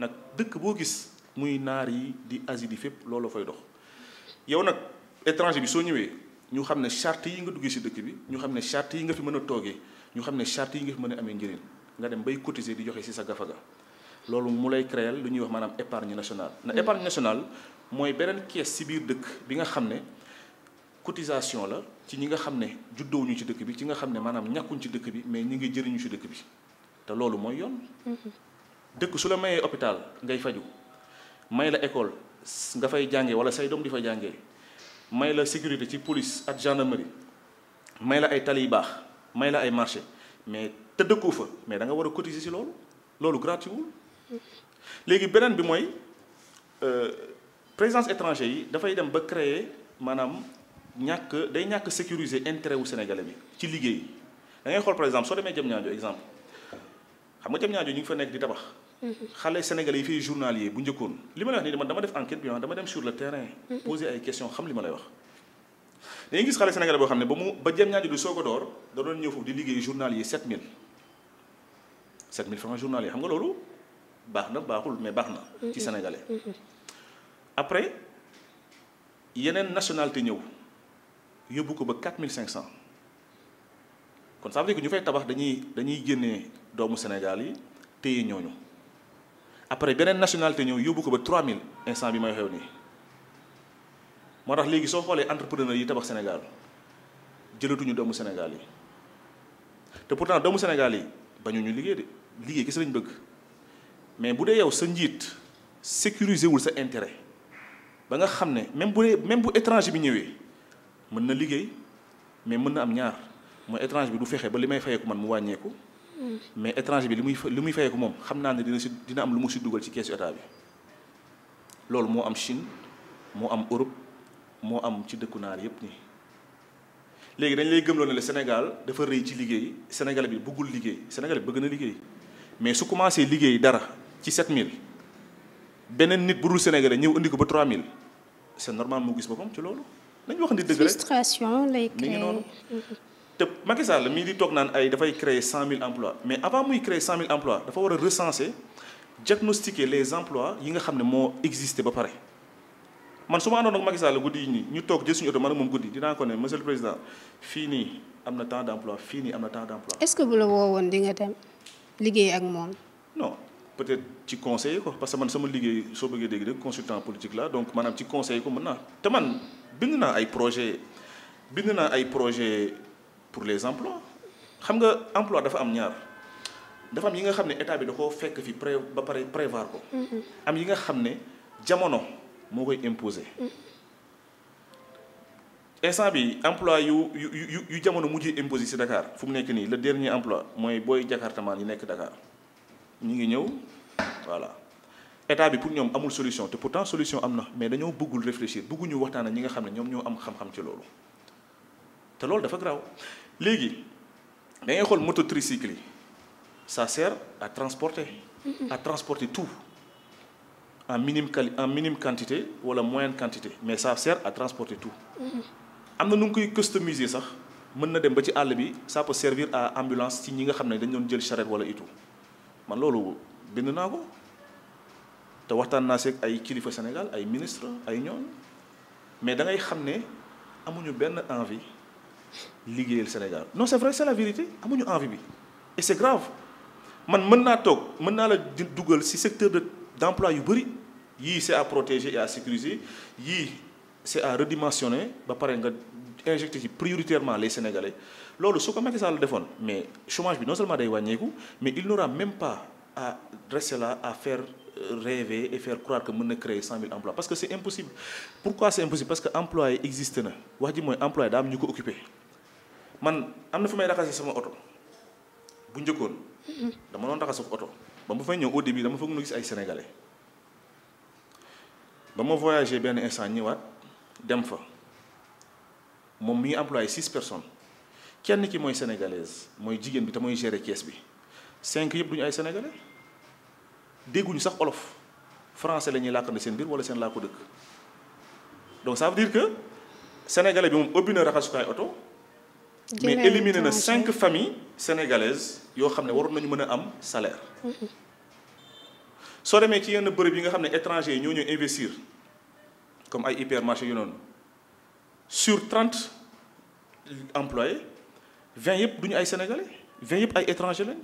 nag dëkk boo gis muy naar yi di Asie di fépp loolu fay dox yow nag étranger bi soo ñëwee. ñu xam ne charte yi nga duggee si dëkk bi ñu xam ne charte yi nga fi mën a toogee ñu xam ne charte yi nga fi mën a amee njëriñ nga dem bay cotiser di joxe si sa ga loolu mu lay créel lu ñuy wax maanaam épargne nationale na mm. épargne nationale mooy beneen kees si biir dëkk bi nga xam ne cotisation la ci ñi nga xam ne juddoowuñu ci dëkk bi ci nga xam ne maanaam ñàkkuñ ci dëkk bi mais ñu ngi jëriñu ci dëkk bi te loolu mooy yoon mm-hmm. dëkk su la maye hôpital ngay faju may la école nga fay wala say doom di fa jàngee may la sécurité ci police ak gendarmerie may la ay tali yu baax may la ay marché mais te dëkku fa mais da nga war a cotiser si loolu loolu gratuit wul léegi beneen bi mooy euh, présence étranger yi dafay dem ba créer maanaam ñàkk day ñàkk sécuriser intérêt wu sénégalais bi ci liggéey da ngay xool par exemple soo demee Diamniadio exemple xam nga Diamniadio ñu ngi fa nekk di tabax. xale sénégalais yi fii journalier bu njëkkoon li ma lay wax nii dama dama def enquête bi ah dama dem sur le terrain. poser ay questions xam li ma lay wax. dañuy gis xale sénégalais boo xam ne ba mu ba jëm ñaajo di soog a door da doon ñëw foofu di liggéey journalier 7000 7000 francs journalier xam nga loolu baax na baaxul mais baax na. ci mm-hmm. sénégalais. Mm-hmm. après yeneen nationalité ñëw yóbbu ko ba 4500 kon ça veut dire que ñu fay tabax dañuy dañuy génne doomu Sénégal yi téye ñooñu. après beneen nationalité ñëw yóbbu ko ba 3000 instant bi may xew nii moo tax léegi soo xoolee entrepreneur yi tabax Sénégal jëlatuñu doomu Sénégal yi te pourtant doomu Sénégal yi bañuñu liggéey de liggéey kese lañ bëgg mais bu dee yow sa njiit sécuriser wul sa intérêt ba nga xam ne même bu dee même bu étranger bi ñëwee mën na liggéey mais mën na am ñaar mooy étranger bi du fexe ba li may fayeeku man mu wàññeeku. mais étranger bi li muy li muy fayee fayeeku moom xam naa ne dina si dina am lu mu si dugal ci keesu état bi loolu moo am Chine moo am Europe moo am ci dëkku naar yépp nii léegi dañ lay gëmloo ne le Sénégal dafa rëy ci liggéey Sénégal bi bëggul liggéey Sénégal bëgg na liggéey mais su commencé liggéey dara ci 7000 beneen nit bu dul Sénégalais ñëw indi ko ba 3000 c'est normal mu gis boppam ci loolu nañ wax ni dëgg rek frustration lay créer te Macky Sall mii di toog naan ay dafay créer cent mille emplois mais avant muy créer cent mille emplois dafa war a recenser diagnostiquer les emplois yi nga xam ne moo existé ba pare. man su ma àndoon ak Macky Sall guddi yi nii ñu toog jël suñu oto man ak moom guddi dinaa ko ne monsieur le président fii nii am na temps d' emploi fii nii am na temps d' est ce que bu la woowoon di nga dem liggéey ak moom. non peut être ci conseiller ko parce que man sama liggéey soo bëggee dégg rek consultant politique la donc maanaam ci conseiller ko mën naa te man bind naa ay projet bind naa ay projet pour les emplois xam nga emploi dafa am ñaar dafa am yi nga xam ne état bi da ko fekk fi pré ba pare prévoir ko. Mm-hmm. am yi nga xam ne jamono moo koy imposer. Mm-hmm. instant bi emploi yu yu yu yu jamono mujj imposé si Dakar fu mu nekk nii le dernier emploi mooy booy jakartamaan yi nekk dakaar ñu ngi ñëw voilà état bi pour ñoom amul solution te pourtant solution am na mais dañoo bëggul réfléchir bëgguñu waxtaan ak ñi nga xam ne ñoom ñoo am xam-xam ci loolu. te loolu dafa graw léegi da ngay xool moto tricycle yi sa sert à transporter. à transporter tout en minime quali en minime quantité wala moyen quantité mais ça sert à transporter tout. am na nu ngi koy customiser sax mën na dem ba ci àll bi ça peut servir à ambulance ci ñi nga xam ne dañu doon jël charrette wala itu man loolu bind naa ko te waxtaan naa seeg ay kilifa Sénégal ay ministre ay ñoom mais dangay xam ne amuñu benn envie. liggéeyal Sénégal non c'est vrai c'est la vérité amuñu envie bi et c'est grave man mën naa toog mën naa la dugal ci secteur de d'emploi yu bëri yii c'est à protéger et à sécuriser yii c'est à redimensionner ba pare nga injecter ci prioritairement les Sénégalais loolu soo ko Macky Sall defoon mais chômage bi non seulement day wàññeeku mais il n'aura même pas à rester là à faire euh, rêver et faire croire que mën na créer cent mille emplois parce que c'est impossible na wax ji mooy emploi ñu ko occupé man am na fu may raxasee sama oto bu njëkkoon. dama doon raxasu oto ba ma fay ñëw au début dama foog nu gis ay sénégalais ba ma voyagé benn instant ñëwaat dem fa moom mi ngi employé six personnes kenn ki mooy sénégalaise mooy jigéen bi te mooy gérer kees bi cinq yëpp duñu ay sénégalais dégguñu sax olof francais la ñuy làkkandi seen biir wala seen laa ko dëkk donc ça veut que sénégalais bi moom ubbi na raxasukaay oto. mais éliminé na cinq famille sénégalaises yoo xam ne waroon nañu mën a am salaire. soo demee ci yenn bërëb yi nga xam ne étranger yi ñoo ñëw investir comme ay hypermarché yu noonu sur trente employés vingt yëpp du ñu ay sénégalais vingt yëpp ay étranger lañ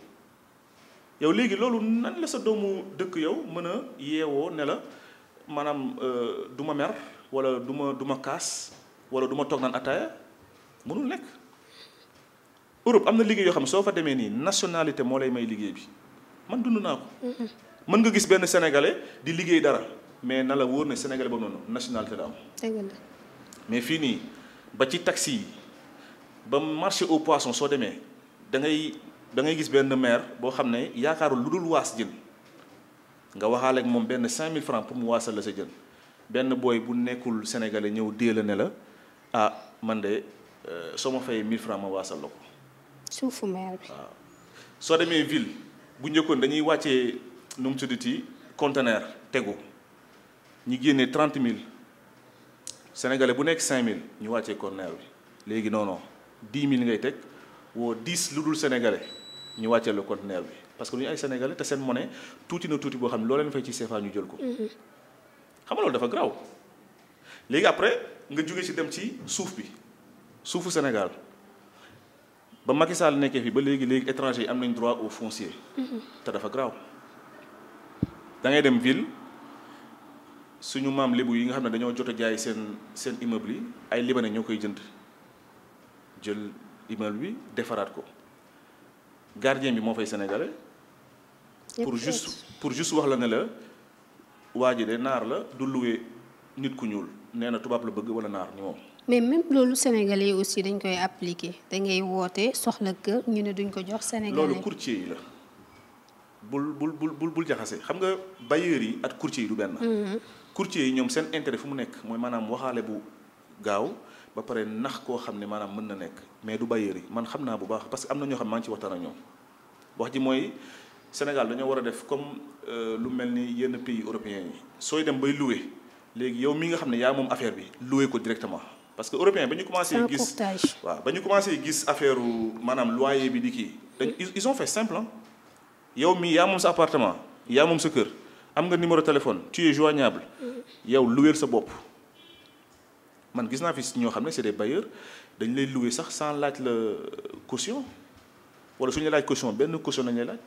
yow léegi loolu nan la sa doomu dëkk yow mën a yeewoo ne la maanaam euh, du ma mer wala du ma du ma kaas wala du ma toog naan ataaya mënul nekk. Europe am na liggéey yoo xam ne soo fa demee nii nationalité moo lay may liggéey bi man dund naa ko. mën nga gis benn sénégalais di liggéey dara mais na la wóor ne sénégalais ba noonu nationalité la am. mais fii nii ba ci taxi yi marché au poisson soo demee da da ngay gis benn maire boo xam ne yaakaarul lu waas jën nga waxaale moom benn 5000 francs pour mu waasal la sa jën benn booy bu nekkul sénégalais ñëw dee ne la ah man de euh, soo ma fayee 1000 francs ma waasal la ko. suufu meer ah. soo demee ville bu njëkkoon dañuy wàccee nu mu tuddati conteneur tegu ñu génnee trente mille sénégalais bu nekk cinq mille ñu wàccee conteneur bi léegi non non dix mille ngay teg woo dix lu dul sénégalais ñu wàccee le conteneur bi parce que lu ñu ay sénégalais te seen monnaie tuuti na tuuti boo xam ne loo leen fay ci CFA ñu jël ko. Mhm. xam nga dafa garaaw léegi après nga jóge ci dem ci suuf bi suufu Sénégal. ba Macky Sall nekkee fii ba léegi léegi étranger yi am nañ droit au foncier. te dafa garaaw da dem ville suñu maam lébu yi nga xam ne dañoo jot jaay seen seen immeuble yi ay libanais ñoo koy jënd jël immeuble bi defaraat ko gardien bi moo fay sénégalais. pour juste pour juste wax la ne la waa ji de naar la du loué nit ku ñuul nee na tubaab la bëgg wala naar ni moom. mais même loolu sénégalais yi aussi dañ koy appliquer da ngay woote soxla kër ñu ne duñ ko jox sénégalais. loolu courtier yi la bul bul bul bul jaxase xam nga bailleurs yi ak courtier yi du benn. Mm-hmm. courtier yi ñoom seen intérêt fi mu nekk mooy maanaam waxaale bu gaaw ba pare nax koo xam ne maanaam mën na nekk mais du bailleurs yi man xam naa bu baax parce que am na ñoo xam maa ngi ci waxtaan ak ñoom wax ji mooy. Sénégal dañoo war a def comme euh, lu mel ni yenn pays européens yi sooy dem bay louer léegi yow mi nga xam ne yaa moom affaire bi louer ko directement parce que européen ba ñu commencé gis waaw ba ñu commencé gis affaire maanaam loyer bi di kii dañ ils ont fait simple yow mii yaa moom sa apartement yaa moom sa kër am nga numéro téléphone tu es joignable mm. yow luweel sa bopp man gis naa fi ñoo xam ne c'est des bailleurs dañ lay louer sax sans laaj la caution wala suñu laaj caution benn caution nañ lay laaj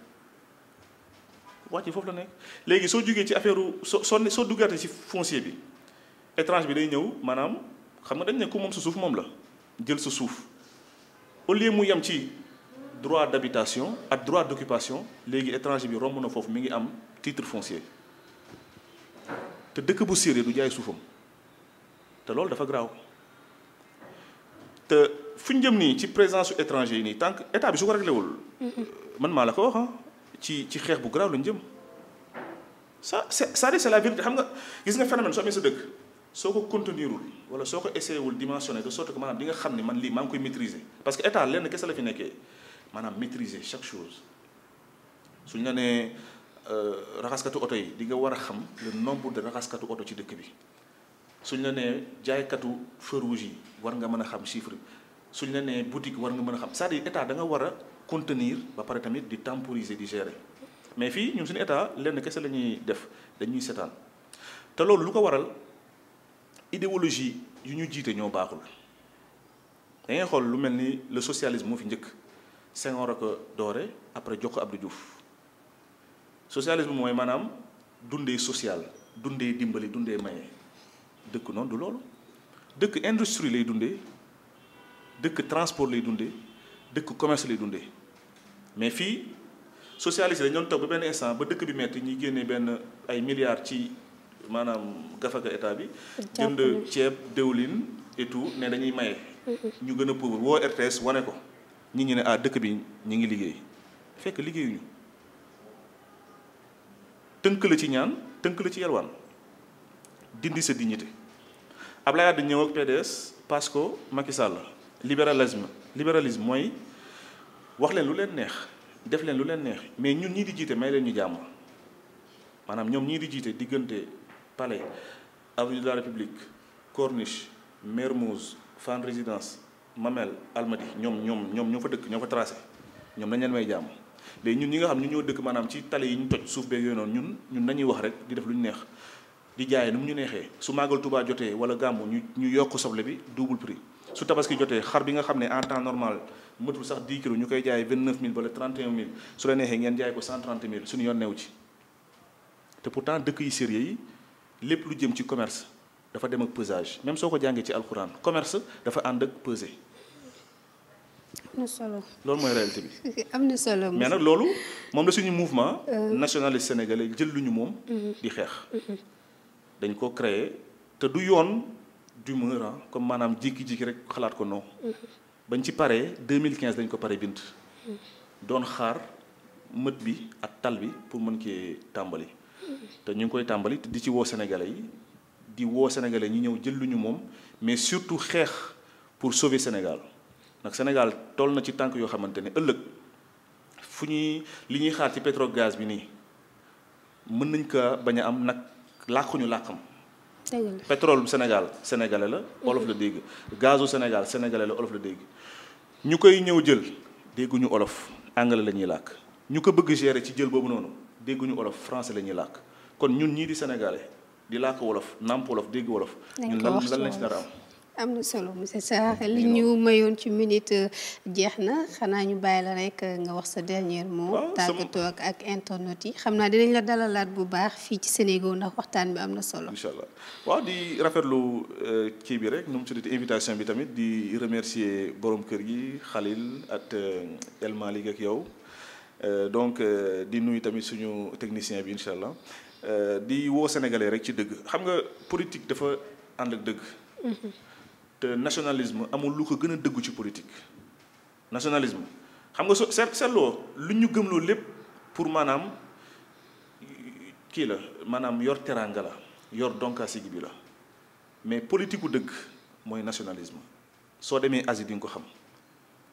waa ci foofu la nekk léegi soo jógee ci affaire soo soo soo ci foncier bi étrange bi day ñëw maanaam xam nga dañ ne ku moom sa suuf moom la jël sa suuf au lieu mu yem ci droit d'habitation ak droit d'occupation léegi étranger bi romb na foofu mi ngi am titre foncier te dëkk bu sérieux du jaay suufam te loolu dafa graaw te fu ñu jëm nii ci présence étranger yi nii tant que état bi su ko réglé wul man maa la ko wax a ah, ci ci xeex bu graaw lañ jëm sa c'est ça c'est la vérité xam nga gis nga phénomène soo amee sa dëkk soo ko contenirul wala soo ko essayé wul dimensionné de sorte que maanaam di nga xam ne man lii maa ngi koy maîtriser parce que état lenn kese la maanaam maîtriser chaque chose suñ la nee euh, raxaskatu oto yi di nga war a xam le nombre de raxaskatu oto ci dëkk bi suñ la nee jaaykatu feu rouge yi war nga mën a xam chiffre suñ la nee boutique war nga mën a xam cest à état da war a contenir ba pare tamit di temporiser di mais fii ñun suñu état lenn kese la ñuy def dañuy seetaan te loolu lu ko waral. idéologie yu ñu jiite ñoo baaxul da xool lu mel ni le socialisme moo fi njëkk Senghor a ko doore après jox ko Abdou Diouf socialisme mooy maanaam dundee sociale dundee dimbali dundee maye dëkk noonu du loolu dëkk industrie lay dundee dëkk transport lay dundee dëkk commerce lay dundee mais fii socialiste dañu doon toog ba benn instant ba dëkk bi metti ñuy génnee benn ay milliards ci maanaam gafaga état bi. jënd ceeb déwlin et tout ne dañuy maye. ñu gën a pauvre woo RTS wane ko nit ñi ne ah dëkk bi ñu ngi liggéey fekk liggéeyuñu tënk la ci ñaan tënk la ci yalwaan dindi sa dignité Ablaye Wade ñëw ak PDS parce que Macky Sall libéralisme libéralisme mooy wax leen lu leen neex def leen lu leen neex mais ñun ñii di jiite may leen ñu jàmm maanaam ñoom ñii di jiite diggante. palais avenue de la république corniche mermoz fan résidence mamel almadi ñoom ñoom ñoom ñoo fa dëkk ñoo fa tracé ñoom nañ leen may jàmm ñun ñi nga xam ñu ñoo dëkk maanaam ci tali yi ñu toj suuf beeg yooyu noonu ñun ñun nañuy wax rek di def lu ñu neex di jaayee nu mu ñu neexee su màggal tubaa jotee wala gàmmu ñu ñu yokk soble bi double prix su tabaski jotee xar bi nga xam ne en temps normal mëtul sax 10 kilos ñu koy jaayee 29000 wala 31000 su la neexee ngeen jaay ko 130000 suñu yoon neew ci te pourtant dëkk yi sérieux yi lépp lu jëm ci commerce dafa dem ak pesage même soo ko jàngee ci alxuraan commerce dafa ànd ak pesé. am loolu mooy réalité bi. am na solo mais nag loolu moom la suñu mouvement. Euh. nationaliste sénégalais jël lu moom. Mm-hmm. di xeex. Mm-hmm. dañ ko créer te du yoon d'humeur comme maanaam jékki-jékki rek xalaat ko non. Mm-hmm. bañ ci paree 2015 dañ ko paree bind. doon xaar mët bi ak tal bi pour mën kee tàmbali. te ñu ngi koy tàmbali di ci woo sénégalais yi di woo sénégalais ñu ñëw jël lu ñu moom mais surtout xeex pour sauver Sénégal ndax Sénégal toll na ci tànk yoo xamante ne ëllëg fu ñuy li ñuy xaar ci pétrole gaz bi nii mën nañ ko bañ a am nag làkkuñu làkkam pétrole Sénégal sénégalais la olof la dégg gazu Sénégal sénégalais la olof la dégg ñu koy ñëw jël dégguñu olof anglais la ñuy làkk ñu ko bëgg gérer ci jël boobu noonu dégguñu wolof français la ñuy làkk kon ñun ñii di sénégalais di làkk wolof nàmp wolof dégg wolof. ñun lan lan lañ si dara am. am na solo monsieur Sarr li ñu mayoon ci minute euh, jeex na xanaa ñu bàyyi la rekk euh, nga wax sa dernier mot. tàggatoo ak ak internet yi xam naa dinañ la dalalaat bu baax fii ci Sénégal ndax waxtaan bi am na solo. incha allah waaw di rafetlu ci euh, bi rek nu mu tuddati invitation bi tamit di remercier borom kër gi Khalil ak El Malick ak yow. Euh, donc euh, di nuyu tamit suñu technicien bi incha allah euh, di woo sénégalais rek ci dëgg xam nga politique dafa ànd ak dëgg. Mm-hmm. te nationalisme amul lu ko gën a dëggu ci politique. nationalisme xam nga so seet seetloo lu ñu gëm gëmloo lépp pour maanaam kii la maanaam yor teraanga la yor donkaasi bi la mais politique u dëgg mooy nationalisme soo demee Asie di nga ko xam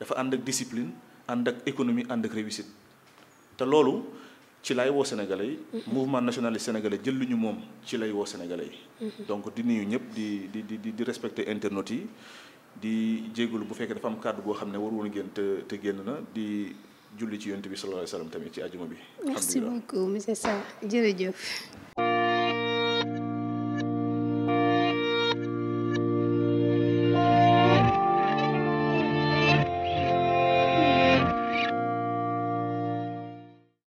dafa ànd ak discipline ànd ak économie ànd ak réussite. te loolu ci lay woo sénégalais yi. mouvement nationaliste sénégalais jël lu ñu moom ci lay woo sénégalais donc di nuyu ñëpp di di di di respecter internautes yi di jégalu bu fekkee dafa am kàddu goo xam ne war woon génn te te génn na di julli ci yonent bi sallallahu alayhi wa sallam tamit ci àjjuma bi. merci beaucoup monsieur